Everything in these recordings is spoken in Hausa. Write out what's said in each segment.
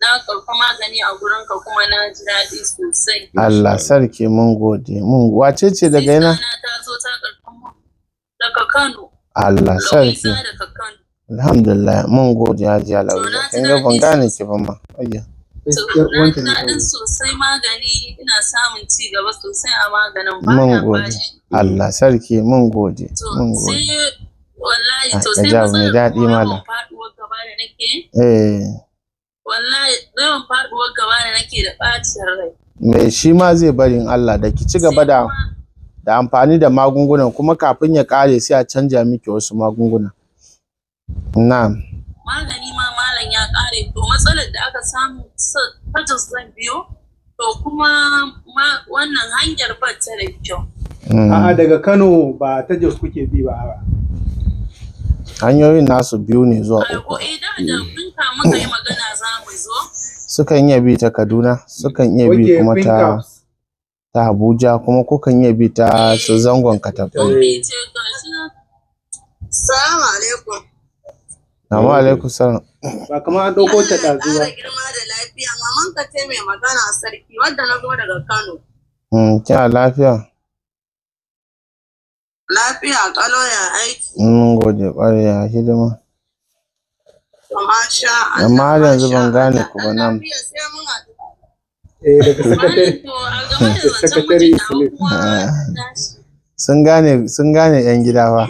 na karfi magani a gurin kuma na ji daɗi sosai. Allah sarki mun gode mun wace ce daga yana? Allah sarki. Alhamdulillah mun gode hajiya lauri. Kin ga ban gane ki ba ma. Ayya. Daɗin sosai magani ina samun ci gaba sosai a maganin ba Mun Allah sarki mun gode. Mun gode. Wallahi to sai daɗi malam. eh yawan faduwar gaba da nake bacin rai me eh, shi ma zai bari in Allah da ki ci gaba da da amfani da magungunan kuma kafin ya kare sai a canja miki wasu magunguna na'am magani ma malam ya kare to matsalar da aka samu fatas zan biyo to kuma wannan hanyar ba ta da kyau mm. a'a daga Kano ba ta Jos kuke bi ba hanyoyin nasu biyu ne zuwa eh, uku sukan iya bi ta kaduna sukan iya bi kuma ta ta abuja kuma kukan iya bi ta su zangon katafai salamu alaikum salamu alaikum salam ba kama an ɗauko ta da ba girma da lafiya maman ka mai magana sarki wadda na zo daga kano hmm, kina lafiya Lafiya ƙalo ya aiki. Mun gode ƙwarai hidima. Amma har yanzu ban gane ku ba nan. Eh, sun gane sun gane yan gida fa.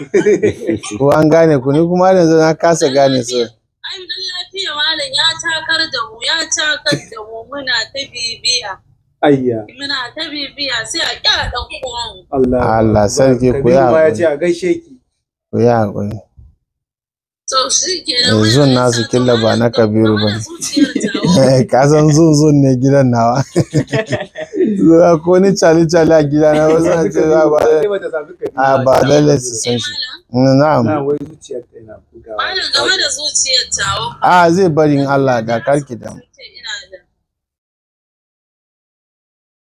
Ko an gane ku ni kuma har yanzu na kasa gane su. Ai dan lafiya malam ya takar da mu ya takar da mu muna ta bibiya. Ayya. Muna ta bibiya sai a kyara uwan. Allah. sarki ku ya. Kabiru ya ce a gaishe ki. Ku ya haƙuri. So shi ke Zun nasu killa ba na Kabiru ba. Ka san zun zun ne gidan nawa. Zuwa ko ni cali cali a gida na ba suna ce za ba. A ba su san shi. Mm, na'am. Na wai zuciyar ta Na da A zai bari in Allah da karki damu.